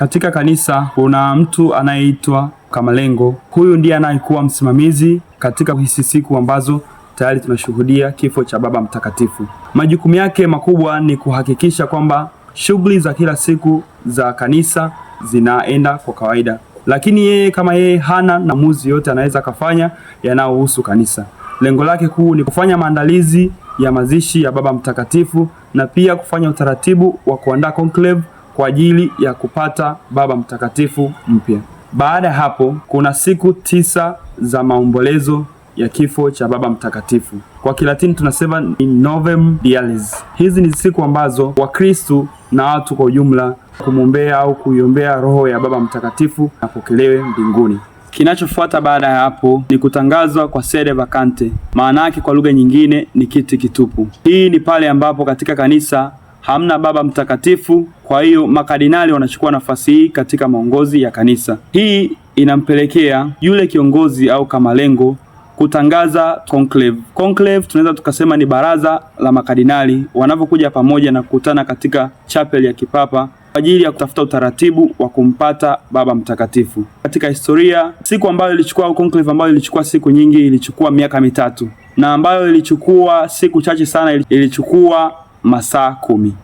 Katika kanisa kuna mtu anayeitwa Kamalengo. Huyu ndiye anayekuwa msimamizi katika hisi siku ambazo tayari tunashuhudia kifo cha Baba Mtakatifu. Majukumu yake makubwa ni kuhakikisha kwamba shughuli za kila siku za kanisa zinaenda kwa kawaida, lakini yeye kama yeye hana namuzi yote anaweza akafanya yanayohusu kanisa. Lengo lake kuu ni kufanya maandalizi ya mazishi ya Baba Mtakatifu na pia kufanya utaratibu wa kuandaa conclave kwa ajili ya kupata Baba Mtakatifu mpya. Baada ya hapo kuna siku tisa za maombolezo ya kifo cha Baba Mtakatifu, kwa Kilatini tunasema ni Novem Dialis. Hizi ni siku ambazo Wakristu na watu kwa ujumla kumwombea au kuiombea roho ya Baba Mtakatifu apokelewe mbinguni. Kinachofuata baada ya hapo ni kutangazwa kwa sede vacante, maana yake kwa lugha nyingine ni kiti kitupu. Hii ni pale ambapo katika kanisa hamna baba mtakatifu. Kwa hiyo makardinali wanachukua nafasi hii katika maongozi ya kanisa. Hii inampelekea yule kiongozi au kama lengo kutangaza conclave. Conclave tunaweza tukasema ni baraza la makardinali wanavyokuja pamoja na kukutana katika chapel ya kipapa kwa ajili ya kutafuta utaratibu wa kumpata baba mtakatifu. Katika historia, siku ambayo ilichukua au conclave ambayo ilichukua siku nyingi, ilichukua miaka mitatu, na ambayo ilichukua siku chache sana, ilichukua masaa kumi.